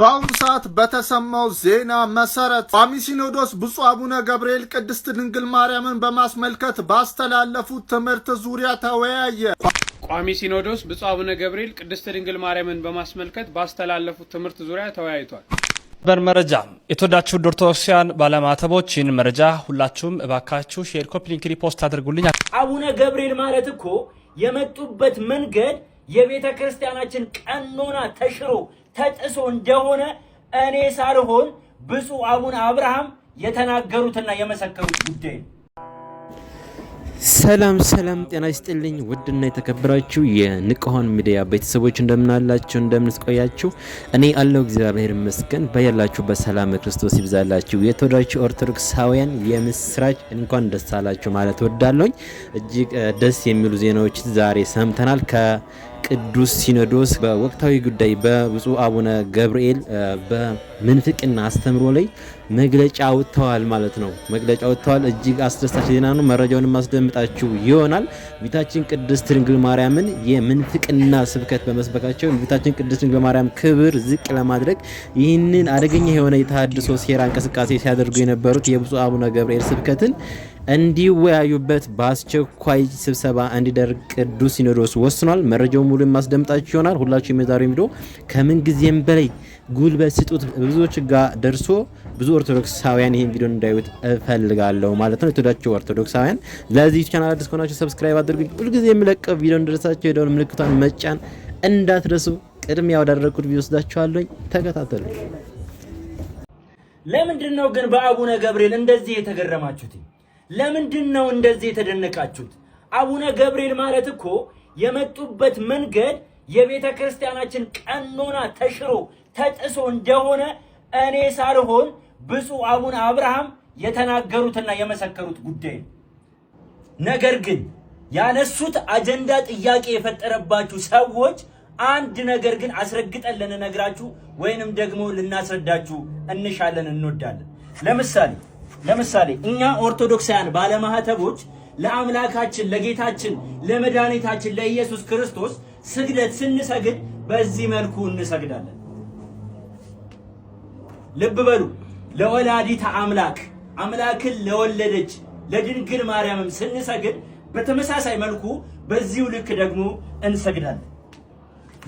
በአሁኑ ሰዓት በተሰማው ዜና መሰረት ቋሚ ሲኖዶስ ብፁዕ አቡነ ገብርኤል ቅድስት ድንግል ማርያምን በማስመልከት ባስተላለፉት ትምህርት ዙሪያ ተወያየ። ቋሚ ሲኖዶስ ብፁዕ አቡነ ገብርኤል ቅድስት ድንግል ማርያምን በማስመልከት ባስተላለፉት ትምህርት ዙሪያ ተወያይቷል። በር መረጃ የተወዳችሁ ኦርቶዶክሳውያን ባለማተቦች ይህን መረጃ ሁላችሁም እባካችሁ ሼር፣ ኮፒ ሊንክ፣ ሪፖስት አድርጉልኝ። አቡነ ገብርኤል ማለት እኮ የመጡበት መንገድ የቤተ ክርስቲያናችን ቀኖና ተሽሮ ተጥሶ እንደሆነ እኔ ሳልሆን ብፁዕ አቡነ አብርሃም የተናገሩትና የመሰከሩት ጉዳይ ነው። ሰላም ሰላም፣ ጤና ይስጥልኝ ውድና የተከበራችሁ የንቁሆን ሚዲያ ቤተሰቦች እንደምናላችሁ እንደምንስቆያችሁ፣ እኔ አለው እግዚአብሔር ይመስገን። በያላችሁ በሰላም ክርስቶስ ይብዛላችሁ። የተወዳችሁ ኦርቶዶክሳውያን የምስራች እንኳን ደስ አላችሁ ማለት ወዳለኝ። እጅግ ደስ የሚሉ ዜናዎች ዛሬ ሰምተናል ከ ቅዱስ ሲኖዶስ በወቅታዊ ጉዳይ በብፁዕ አቡነ ገብርኤል በምንፍቅና አስተምሮ ላይ መግለጫ አውጥተዋል ማለት ነው። መግለጫ አውጥተዋል። እጅግ አስደሳች ዜና ነው። መረጃውን ማስደምጣችሁ ይሆናል። ቤታችን ቅድስት ድንግል ማርያምን የምንፍቅና ስብከት በመስበካቸው ቤታችን ቅድስት ድንግል ማርያም ክብር ዝቅ ለማድረግ ይህንን አደገኛ የሆነ የተሃድሶ ሴራ እንቅስቃሴ ሲያደርጉ የነበሩት የብፁዕ አቡነ ገብርኤል ስብከትን እንዲወያዩበት በአስቸኳይ ስብሰባ እንዲደርግ ቅዱስ ሲኖዶስ ወስኗል። መረጃው ሙሉ የማስደምጣችሁ ይሆናል። ሁላችሁም የዛሬው ቪዲዮ ከምን ጊዜም በላይ ጉልበት ስጡት ብዙዎች ጋር ደርሶ ብዙ ኦርቶዶክሳውያን ይህን ቪዲዮ እንዳዩት እፈልጋለሁ ማለት ነው። የተወዳቸው ኦርቶዶክሳውያን ለዚህ ቻናል አዲስ ከሆናችሁ ሰብስክራይብ አድርጉኝ። ሁልጊዜ የሚለቀው ቪዲዮ እንደደረሳቸው የደወል ምልክቷን መጫን እንዳትረሱ። ቅድሚያ ወዳደረግኩት ቪዲዮ ወስዳችኋለሁ። ተከታተሉ። ለምንድን ነው ግን በአቡነ ገብርኤል እንደዚህ የተገረማችሁት? ለምንድን ነው እንደዚህ የተደነቃችሁት? አቡነ ገብርኤል ማለት እኮ የመጡበት መንገድ የቤተ ክርስቲያናችን ቀኖና ተሽሮ ተጥሶ እንደሆነ እኔ ሳልሆን ብፁዕ አቡነ አብርሃም የተናገሩትና የመሰከሩት ጉዳይ ነው። ነገር ግን ያነሱት አጀንዳ ጥያቄ የፈጠረባችሁ ሰዎች አንድ ነገር ግን አስረግጠን ልንነግራችሁ ወይንም ደግሞ ልናስረዳችሁ እንሻለን፣ እንወዳለን። ለምሳሌ ለምሳሌ እኛ ኦርቶዶክሳውያን ባለማህተቦች ለአምላካችን ለጌታችን ለመድኃኒታችን ለኢየሱስ ክርስቶስ ስግደት ስንሰግድ በዚህ መልኩ እንሰግዳለን። ልብ በሉ። ለወላዲተ አምላክ አምላክን ለወለደች ለድንግል ማርያምም ስንሰግድ በተመሳሳይ መልኩ በዚሁ ልክ ደግሞ እንሰግዳለን።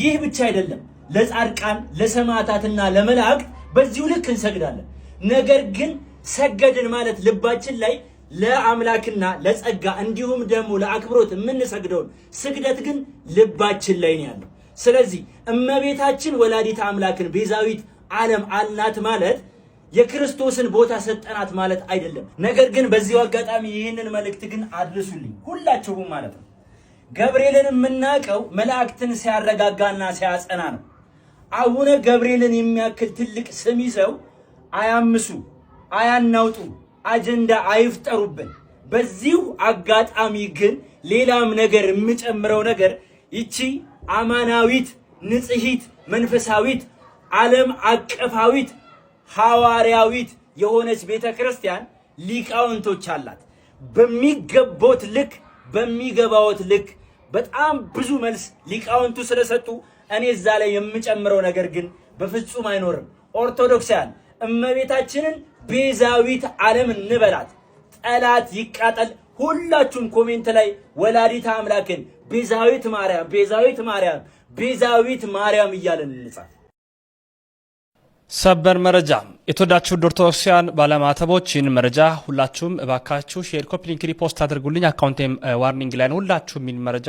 ይህ ብቻ አይደለም። ለጻድቃን ለሰማዕታትና ለመላእክት በዚሁ ልክ እንሰግዳለን። ነገር ግን ሰገድን ማለት ልባችን ላይ ለአምላክና ለጸጋ እንዲሁም ደግሞ ለአክብሮት የምንሰግደውን ስግደት ግን ልባችን ላይ ነው ያለው። ስለዚህ እመቤታችን ወላዲት አምላክን ቤዛዊት ዓለም አልናት ማለት የክርስቶስን ቦታ ሰጠናት ማለት አይደለም። ነገር ግን በዚሁ አጋጣሚ ይህንን መልእክት ግን አድርሱልኝ ሁላችሁም ማለት ነው። ገብርኤልን የምናውቀው መላእክትን ሲያረጋጋና ሲያጸና ነው። አቡነ ገብርኤልን የሚያክል ትልቅ ስም ይዘው አያምሱ። አያናውጡ፣ አጀንዳ አይፍጠሩብን። በዚሁ አጋጣሚ ግን ሌላም ነገር የምጨምረው ነገር ይቺ አማናዊት ንጽሂት መንፈሳዊት ዓለም አቀፋዊት ሐዋርያዊት የሆነች ቤተ ክርስቲያን ሊቃውንቶች አላት። በሚገቦት ልክ በሚገባዎት ልክ በጣም ብዙ መልስ ሊቃውንቱ ስለሰጡ እኔ እዛ ላይ የምጨምረው ነገር ግን በፍጹም አይኖርም። ኦርቶዶክሳውያን እመቤታችንን ቤዛዊት ዓለም እንበላት። ጠላት ይቃጠል። ሁላችሁም ኮሜንት ላይ ወላዲተ አምላክን ቤዛዊት ማርያም፣ ቤዛዊት ማርያም፣ ቤዛዊት ማርያም እያለን እንጻፍ። ሰበር መረጃ። የተወዳችሁ ኦርቶዶክሳውያን ባለማተቦች ይህን መረጃ ሁላችሁም እባካችሁ ሼር፣ ኮፒ ሪፖስት አድርጉልኝ። አካውንቴም ዋርኒንግ ላይ ነው። ሁላችሁም ይህን መረጃ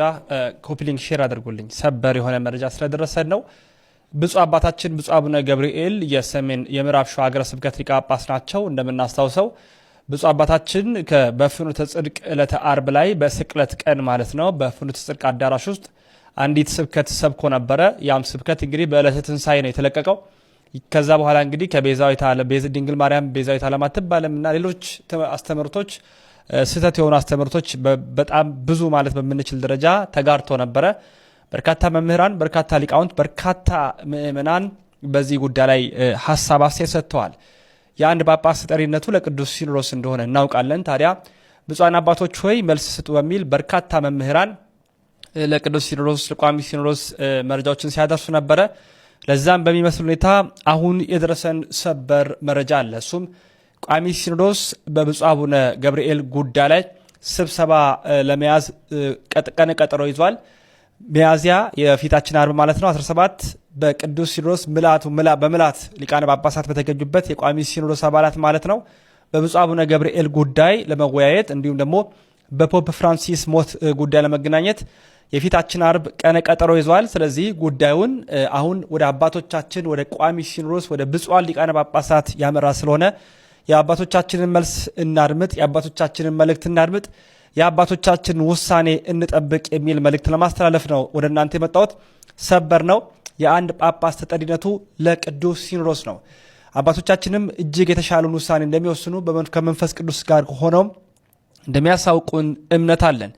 ኮፒ ሼር አድርጉልኝ። ሰበር የሆነ መረጃ ስለደረሰን ነው። ብፁ አባታችን ብፁ አቡነ ገብርኤል የሰሜን የምዕራብ ሸዋ ሀገረ ስብከት ሊቀ ጳጳስ ናቸው። እንደምናስታውሰው ብፁ አባታችን በፍኖተ ጽድቅ ዕለተ አርብ ላይ በስቅለት ቀን ማለት ነው በፍኖተ ጽድቅ አዳራሽ ውስጥ አንዲት ስብከት ሰብኮ ነበረ። ያም ስብከት እንግዲህ በዕለተ ትንሣኤ ነው የተለቀቀው። ከዛ በኋላ እንግዲህ ከቤዛዊት ድንግል ማርያም ቤዛዊት ዓለም እና ሌሎች አስተምህርቶች ስህተት የሆኑ አስተምህርቶች በጣም ብዙ ማለት በምንችል ደረጃ ተጋርቶ ነበረ። በርካታ መምህራን፣ በርካታ ሊቃውንት፣ በርካታ ምእመናን በዚህ ጉዳይ ላይ ሀሳብ አስተያየት ሰጥተዋል። የአንድ ጳጳስ ተጠሪነቱ ለቅዱስ ሲኖዶስ እንደሆነ እናውቃለን። ታዲያ ብፁዓን አባቶች ሆይ መልስ ስጡ በሚል በርካታ መምህራን ለቅዱስ ሲኖዶስ ለቋሚ ሲኖዶስ መረጃዎችን ሲያደርሱ ነበረ። ለዛም በሚመስል ሁኔታ አሁን የደረሰን ሰበር መረጃ አለ። እሱም ቋሚ ሲኖዶስ በብፁዕ አቡነ ገብርኤል ጉዳይ ላይ ስብሰባ ለመያዝ ቀን ቀጠሮ ይዟል። ሚያዝያ የፊታችን አርብ ማለት ነው 17 በቅዱስ ሲኖዶስ ምልአቱ በምላት ሊቃነ ጳጳሳት በተገኙበት የቋሚ ሲኖዶስ አባላት ማለት ነው በብፁዕ አቡነ ገብርኤል ጉዳይ ለመወያየት እንዲሁም ደግሞ በፖፕ ፍራንሲስ ሞት ጉዳይ ለመገናኘት የፊታችን አርብ ቀነ ቀጠሮ ይዟል። ስለዚህ ጉዳዩን አሁን ወደ አባቶቻችን ወደ ቋሚ ሲኖዶስ ወደ ብፁዓን ሊቃነ ጳጳሳት ያመራ ስለሆነ የአባቶቻችንን መልስ እናድምጥ፣ የአባቶቻችንን መልእክት እናድምጥ። የአባቶቻችን ውሳኔ እንጠብቅ የሚል መልእክት ለማስተላለፍ ነው ወደ እናንተ የመጣሁት። ሰበር ነው። የአንድ ጳጳስ ተጠሪነቱ ለቅዱስ ሲኖዶስ ነው። አባቶቻችንም እጅግ የተሻለውን ውሳኔ እንደሚወስኑ ከመንፈስ ቅዱስ ጋር ሆነውም እንደሚያሳውቁን እምነት አለን።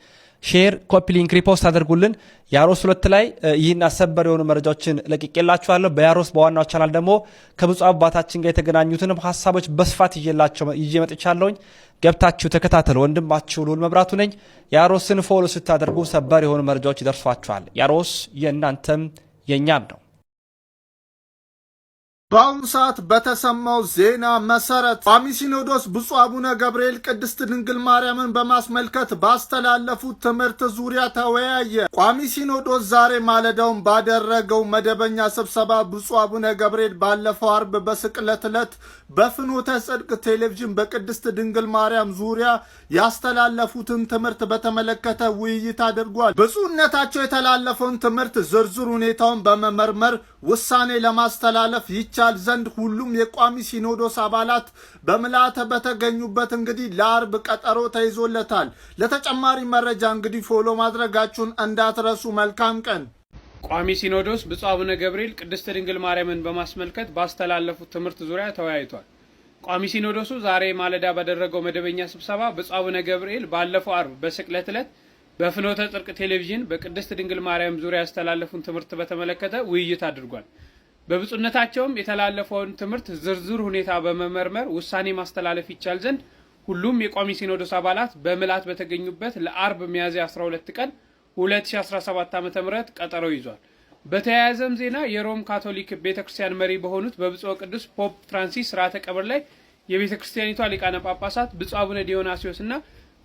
ሼር ኮፒ ሊንክ ሪፖስት አድርጉልን። ያሮስ ሁለት ላይ ይህን አሰበር የሆኑ መረጃዎችን ለቅቄላችኋለሁ። በያሮስ በዋናው ቻናል ደግሞ ከብፁዕ አባታችን ጋር የተገናኙትንም ሀሳቦች በስፋት ይዤ መጥቻለሁኝ። ገብታችሁ ተከታተሉ። ወንድማችሁ ልዑል መብራቱ ነኝ። ያሮስን ፎሎ ስታደርጉ ሰበር የሆኑ መረጃዎች ይደርሷችኋል። ያሮስ የእናንተም የእኛም ነው። በአሁኑ ሰዓት በተሰማው ዜና መሰረት ቋሚ ሲኖዶስ ብፁዕ አቡነ ገብርኤል ቅድስት ድንግል ማርያምን በማስመልከት ባስተላለፉት ትምህርት ዙሪያ ተወያየ። ቋሚ ሲኖዶስ ዛሬ ማለዳውን ባደረገው መደበኛ ስብሰባ ብፁዕ አቡነ ገብርኤል ባለፈው አርብ በስቅለት ዕለት በፍኖተ ጽድቅ ቴሌቪዥን በቅድስት ድንግል ማርያም ዙሪያ ያስተላለፉትን ትምህርት በተመለከተ ውይይት አድርጓል። ብፁዕነታቸው የተላለፈውን ትምህርት ዝርዝር ሁኔታውን በመመርመር ውሳኔ ለማስተላለፍ ይቻል ዘንድ ሁሉም የቋሚ ሲኖዶስ አባላት በምልአተ በተገኙበት እንግዲህ ለአርብ ቀጠሮ ተይዞለታል። ለተጨማሪ መረጃ እንግዲህ ፎሎ ማድረጋችሁን እንዳትረሱ። መልካም ቀን። ቋሚ ሲኖዶስ ብፁዕ አቡነ ገብርኤል ቅድስት ድንግል ማርያምን በማስመልከት ባስተላለፉት ትምህርት ዙሪያ ተወያይቷል። ቋሚ ሲኖዶሱ ዛሬ ማለዳ ባደረገው መደበኛ ስብሰባ ብፁዕ አቡነ ገብርኤል ባለፈው አርብ በስቅለት ዕለት በፍኖተ ጽድቅ ቴሌቪዥን በቅድስት ድንግል ማርያም ዙሪያ ያስተላለፉን ትምህርት በተመለከተ ውይይት አድርጓል። በብፁዕነታቸውም የተላለፈውን ትምህርት ዝርዝር ሁኔታ በመመርመር ውሳኔ ማስተላለፍ ይቻል ዘንድ ሁሉም የቋሚ ሲኖዶስ አባላት በምላት በተገኙበት ለአርብ ሚያዝያ 12 ቀን 2017 ዓ ም ቀጠሮ ይዟል። በተያያዘም ዜና የሮም ካቶሊክ ቤተ ክርስቲያን መሪ በሆኑት በብፁዕ ቅዱስ ፖፕ ፍራንሲስ ስርዓተ ቀብር ላይ የቤተ ክርስቲያኒቷ ሊቃነ ጳጳሳት ብፁዕ አቡነ ዲዮናሲዎስ እና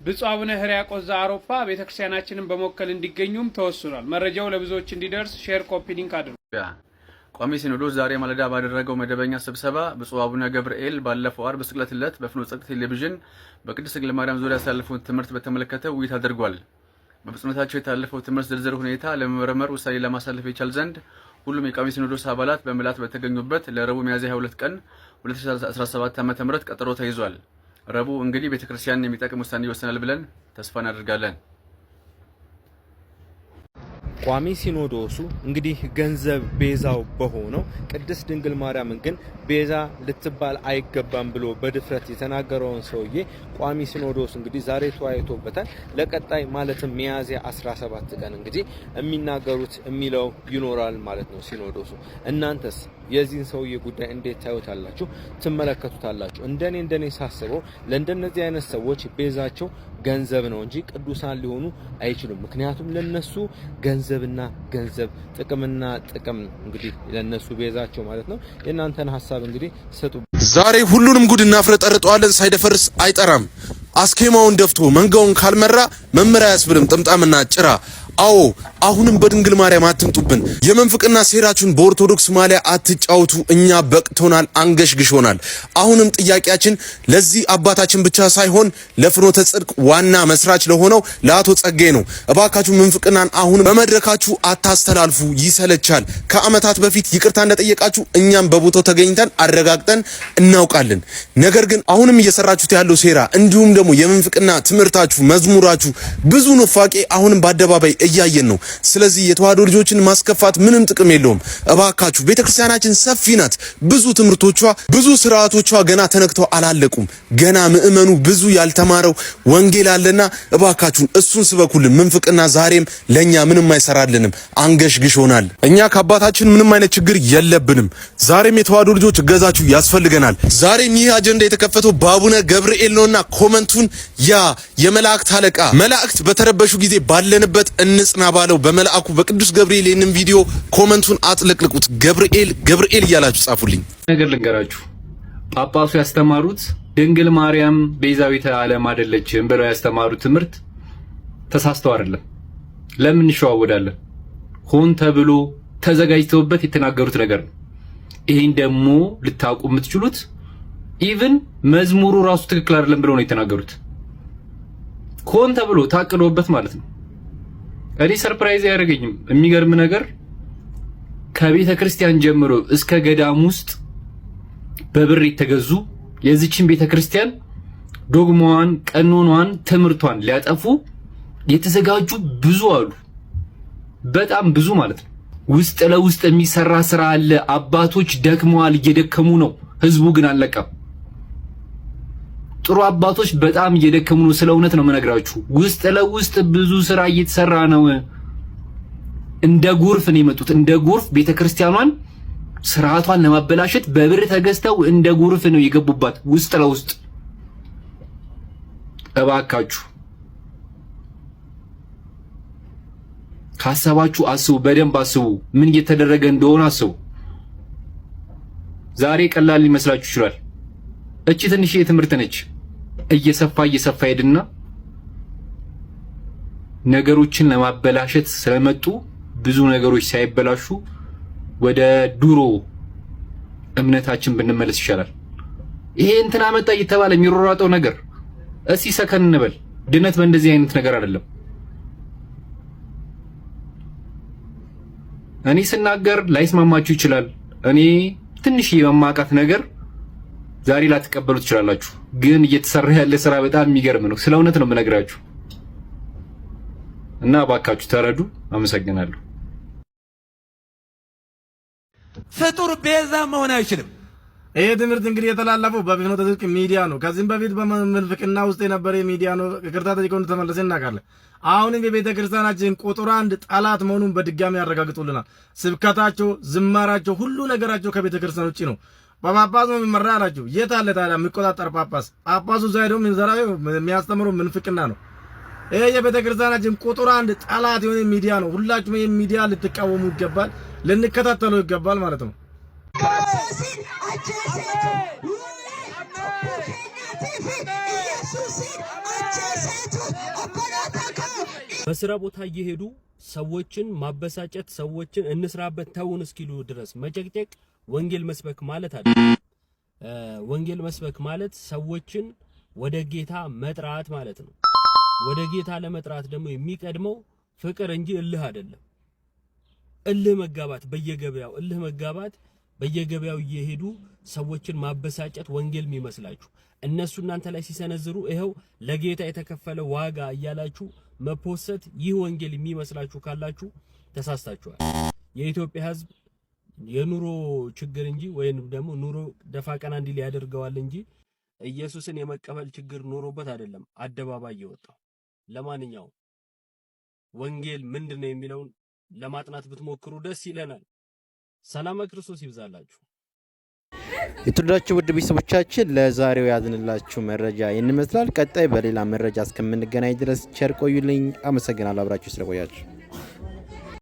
ብፁዕ አቡነ ሕርያቆስ ዘአውሮፓ ቤተ ክርስቲያናችንን በመወከል እንዲገኙም ተወስኗል። መረጃው ለብዙዎች እንዲደርስ ሼር፣ ኮፒ ሊንክ አድርጉ። ቋሚ ሲኖዶስ ዛሬ ማለዳ ባደረገው መደበኛ ስብሰባ ብፁዕ አቡነ ገብርኤል ባለፈው አርብ ስቅለት ዕለት በፍኖ ጽድቅ ቴሌቪዥን በቅድስት ድንግል ማርያም ዙሪያ ያሳለፈውን ትምህርት በተመለከተ ውይይት አድርጓል። በብፁዕነታቸው የታለፈው ትምህርት ዝርዝር ሁኔታ ለመመረመር ውሳኔ ለማሳለፍ ይቻል ዘንድ ሁሉም የቋሚ ሲኖዶስ አባላት በምልአት በተገኙበት ለረቡዕ ሚያዝያ 22 ቀን 2017 ዓ.ም ቀጠሮ ተይዟል። ረቡዕ እንግዲህ ቤተክርስቲያን የሚጠቅም ውሳኔ ይወሰናል ብለን ተስፋ እናደርጋለን። ቋሚ ሲኖዶሱ እንግዲህ ገንዘብ ቤዛው በሆነው ቅድስት ድንግል ማርያምን ግን ቤዛ ልትባል አይገባም ብሎ በድፍረት የተናገረውን ሰውዬ ቋሚ ሲኖዶሱ እንግዲህ ዛሬ ተወያይቶበታል። ለቀጣይ ማለትም ሚያዝያ 17 ቀን እንግዲህ የሚናገሩት የሚለው ይኖራል ማለት ነው ሲኖዶሱ። እናንተስ የዚህን ሰውዬ ጉዳይ እንዴት ታዩታላችሁ? ትመለከቱታላችሁ? እንደኔ እንደኔ ሳስበው ለእንደነዚህ አይነት ሰዎች ቤዛቸው ገንዘብ ነው እንጂ ቅዱሳን ሊሆኑ አይችሉም። ምክንያቱም ለነሱ ገንዘብ ገንዘብና ገንዘብ፣ ጥቅምና ጥቅም እንግዲህ ለነሱ ቤዛቸው ማለት ነው። የእናንተን ሀሳብ እንግዲህ ሰጡ። ዛሬ ሁሉንም ጉድ እናፍረጠርጠዋለን። ሳይደፈርስ አይጠራም። አስኬማውን ደፍቶ መንጋውን ካልመራ መመሪያ አያስብልም ጥምጣምና ጭራ አዎ አሁንም በድንግል ማርያም አትምጡብን። የመንፍቅና ሴራችሁን በኦርቶዶክስ ማሊያ አትጫወቱ። እኛ በቅቶናል፣ አንገሽግሾናል። አሁንም ጥያቄያችን ለዚህ አባታችን ብቻ ሳይሆን ለፍኖተ ጽድቅ ዋና መስራች ለሆነው ለአቶ ጸጌ ነው። እባካችሁ መንፍቅናን አሁን በመድረካችሁ አታስተላልፉ፣ ይሰለቻል። ከአመታት በፊት ይቅርታ እንደጠየቃችሁ እኛም በቦታው ተገኝተን አረጋግጠን እናውቃለን። ነገር ግን አሁንም እየሰራችሁት ያለው ሴራ እንዲሁም ደግሞ የመንፍቅና ትምህርታችሁ፣ መዝሙራችሁ ብዙ ኑፋቄ አሁንም በአደባባይ እያየን ነው። ስለዚህ የተዋህዶ ልጆችን ማስከፋት ምንም ጥቅም የለውም። እባካችሁ ቤተክርስቲያናችን ሰፊ ናት። ብዙ ትምህርቶቿ፣ ብዙ ስርዓቶቿ ገና ተነክተው አላለቁም። ገና ምእመኑ ብዙ ያልተማረው ወንጌል አለና እባካችሁን እሱን ስበኩልን። ምንፍቅና ዛሬም ለእኛ ምንም አይሰራልንም፣ አንገሽ ሆናል። እኛ ከአባታችን ምንም አይነት ችግር የለብንም። ዛሬም የተዋህዶ ልጆች እገዛችሁ ያስፈልገናል። ዛሬም ይህ አጀንዳ የተከፈተው በአቡነ ገብርኤል ነውና ኮመንቱን ያ የመላእክት አለቃ መላእክት በተረበሹ ጊዜ ባለንበት እንጽና ባለው በመልአኩ በቅዱስ ገብርኤል ይህንን ቪዲዮ ኮመንቱን አጥለቅልቁት። ገብርኤል ገብርኤል እያላችሁ ጻፉልኝ። ነገር ልንገራችሁ፣ ጳጳሱ ያስተማሩት ድንግል ማርያም ቤዛዊተ ዓለም አይደለችም ብለው ያስተማሩት ትምህርት ተሳስተው አይደለም። ለምን እንሸዋወዳለን? ሆን ተብሎ ተዘጋጅተውበት የተናገሩት ነገር ነው። ይሄን ደግሞ ልታውቁ የምትችሉት ኢቭን መዝሙሩ ራሱ ትክክል አይደለም ብለው ነው የተናገሩት። ሆን ተብሎ ታቅዶበት ማለት ነው። እኔ ሰርፕራይዝ አያደርገኝም። የሚገርም ነገር ከቤተ ክርስቲያን ጀምሮ እስከ ገዳም ውስጥ በብር የተገዙ የዚችን ቤተ ክርስቲያን ዶግማዋን፣ ቀኖኗን፣ ትምህርቷን ሊያጠፉ የተዘጋጁ ብዙ አሉ። በጣም ብዙ ማለት ነው። ውስጥ ለውስጥ የሚሰራ ስራ አለ። አባቶች ደክመዋል፣ እየደከሙ ነው። ህዝቡ ግን አለቀም። ጥሩ አባቶች በጣም እየደከሙ ነው። ስለ እውነት ነው የምነግራችሁ። ውስጥ ለውስጥ ብዙ ስራ እየተሰራ ነው። እንደ ጎርፍ ነው የመጡት። እንደ ጎርፍ ቤተክርስቲያኗን ስርዓቷን ለማበላሸት በብር ተገዝተው እንደ ጎርፍ ነው የገቡባት ውስጥ ለውስጥ። እባካችሁ ካሰባችሁ አስቡ፣ በደንብ አስቡ። ምን እየተደረገ እንደሆነ አስቡ። ዛሬ ቀላል ሊመስላችሁ ይችላል። እቺ ትንሽ የትምህርት ነች። እየሰፋ እየሰፋ ሄድና ነገሮችን ለማበላሸት ስለመጡ ብዙ ነገሮች ሳይበላሹ ወደ ድሮ እምነታችን ብንመለስ ይሻላል። ይሄ እንትን አመጣ እየተባለ የሚሯሯጠው ነገር እስቲ ሰከን እንበል። ድነት በእንደዚህ አይነት ነገር አይደለም። እኔ ስናገር ላይስማማችሁ ይችላል። እኔ ትንሽ የማውቃት ነገር ዛሬ ላትቀበሉ ትችላላችሁ፣ ግን እየተሰራ ያለ ስራ በጣም የሚገርም ነው። ስለ እውነት ነው የምነግራችሁ እና እባካችሁ ተረዱ። አመሰግናለሁ። ፍጡር ቤዛ መሆን አይችልም። ይሄ ትምህርት እንግዲህ የተላለፈው በፍኖተ ጽድቅ ሚዲያ ነው። ከዚህም በፊት በምንፍቅና ውስጥ የነበረ ሚዲያ ነው። ቅርታ ጠይቀው እንደተመለሰ እናውቃለን። አሁንም የቤተ ክርስቲያናችን ቁጥር አንድ ጠላት መሆኑን በድጋሚ ያረጋግጡልናል። ስብከታቸው፣ ዝማራቸው፣ ሁሉ ነገራቸው ከቤተ ክርስቲያን ውጭ ነው። በጳጳስ ነው የሚመራ አላችሁ። የት አለ ታዲያ የሚቆጣጠር ጳጳስ? ጳጳሱ እዛ ሄዶ ምንዘራዊ የሚያስተምሩ ምንፍቅና ነው። ይሄ የቤተ ክርስቲያናችን ቁጥር አንድ ጠላት የሆነ ሚዲያ ነው። ሁላችሁም ይሄ ሚዲያ ልትቃወሙ ይገባል፣ ልንከታተሉ ይገባል ማለት ነው። በስራ ቦታ እየሄዱ ሰዎችን ማበሳጨት፣ ሰዎችን እንስራበት ተውን እስኪሉ ድረስ መጨቅጨቅ ወንጌል መስበክ ማለት አለ። ወንጌል መስበክ ማለት ሰዎችን ወደ ጌታ መጥራት ማለት ነው። ወደ ጌታ ለመጥራት ደግሞ የሚቀድመው ፍቅር እንጂ እልህ አይደለም። እልህ መጋባት በየገበያው እልህ መጋባት በየገበያው እየሄዱ ሰዎችን ማበሳጨት ወንጌል የሚመስላችሁ እነሱ እናንተ ላይ ሲሰነዝሩ ይኸው ለጌታ የተከፈለ ዋጋ እያላችሁ መፖሰት ይህ ወንጌል የሚመስላችሁ ካላችሁ ተሳስታችኋል። የኢትዮጵያ ሕዝብ የኑሮ ችግር እንጂ ወይም ደግሞ ኑሮ ደፋ ቀና እንዲል ያደርገዋል እንጂ ኢየሱስን የመቀበል ችግር ኑሮበት አይደለም አደባባይ የወጣው። ለማንኛውም ወንጌል ምንድን ነው የሚለውን ለማጥናት ብትሞክሩ ደስ ይለናል። ሰላም ክርስቶስ ይብዛላችሁ። የተወደዳችሁ ውድ ቤተሰቦቻችን ለዛሬው ያዝንላችሁ መረጃ ይህን ይመስላል። ቀጣይ በሌላ መረጃ እስከምንገናኝ ድረስ ቸር ቆዩልኝ። አመሰግናለሁ አብራችሁ ስለቆያችሁ።